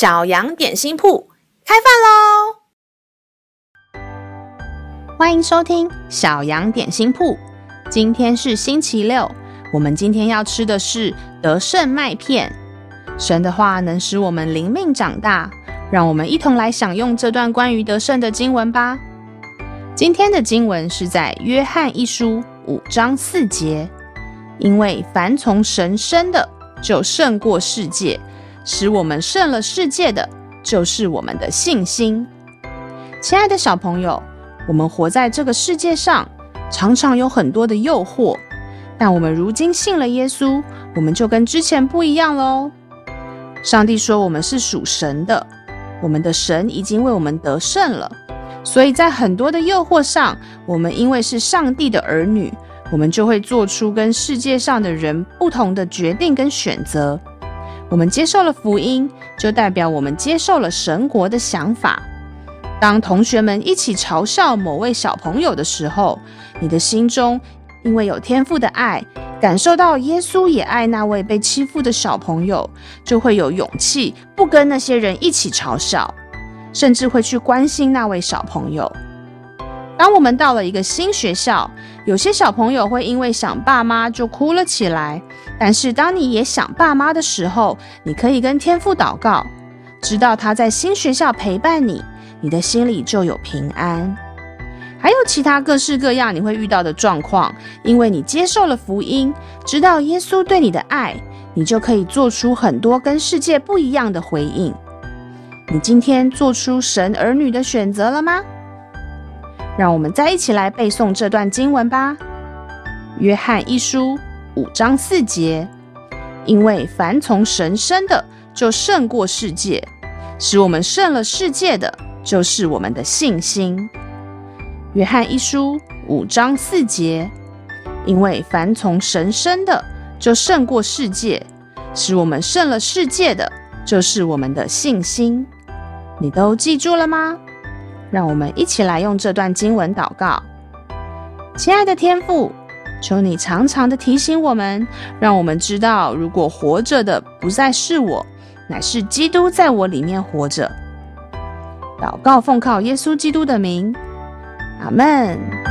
小羊點心鋪開飯嘍！歡迎收聽小羊點心鋪。今天是星期六，我們今天要吃的是得勝麥片。神的話能使我們靈命長大，讓我們一同來享用這段關於得勝的經文吧。今天的經文是在約翰一書五章四節，因為凡從神生的，就勝過世界。使我們勝了世界的，就是我們的信心。親愛的小朋友，我們活在這個世界上，常常有很多的誘惑。但我們如今信了耶穌，我們就跟之前不一樣嘍。上帝說我們是屬神的，我們的神已經為我們得勝了。所以在很多的誘惑上，我們因為是上帝的兒女，我們就會做出跟世界上的人不同的決定跟選擇。我們接受了福音，就代表我們接受了神國的想法。當同學們一起嘲笑某位小朋友的時候，你的心中因為有天父的愛，感受到耶穌也愛那位被欺負的小朋友，就會有勇氣不跟那些人一起嘲笑，甚至會去關心那位小朋友。當我們到了一個新學校，有些小朋友會因為想爸媽就哭了起來。但是當你也想爸媽的時候，你可以跟天父禱告，知道他在新學校陪伴你，你的心裡就有平安。還有其他各式各樣你會遇到的狀況，因為你接受了福音，知道耶穌對你的愛，你就可以做出很多跟世界不一樣的回應。你今天做出神兒女的選擇了嗎？讓我們再一起來背誦這段經文吧，《約翰一書》五章四節，因為凡從神生的，就勝過世界；使我們勝了世界的就是我們的信心。《約翰一書》五章四節，因為凡從神生的，就勝過世界；使我們勝了世界的就是我們的信心。你都記住了嗎？讓我們一起來用這段經文禱告，親愛的天父，求你常常的提醒我們，讓我們知道，如果活着的不再是我，乃是基督在我裡面活着。禱告奉靠耶穌基督的名，阿門。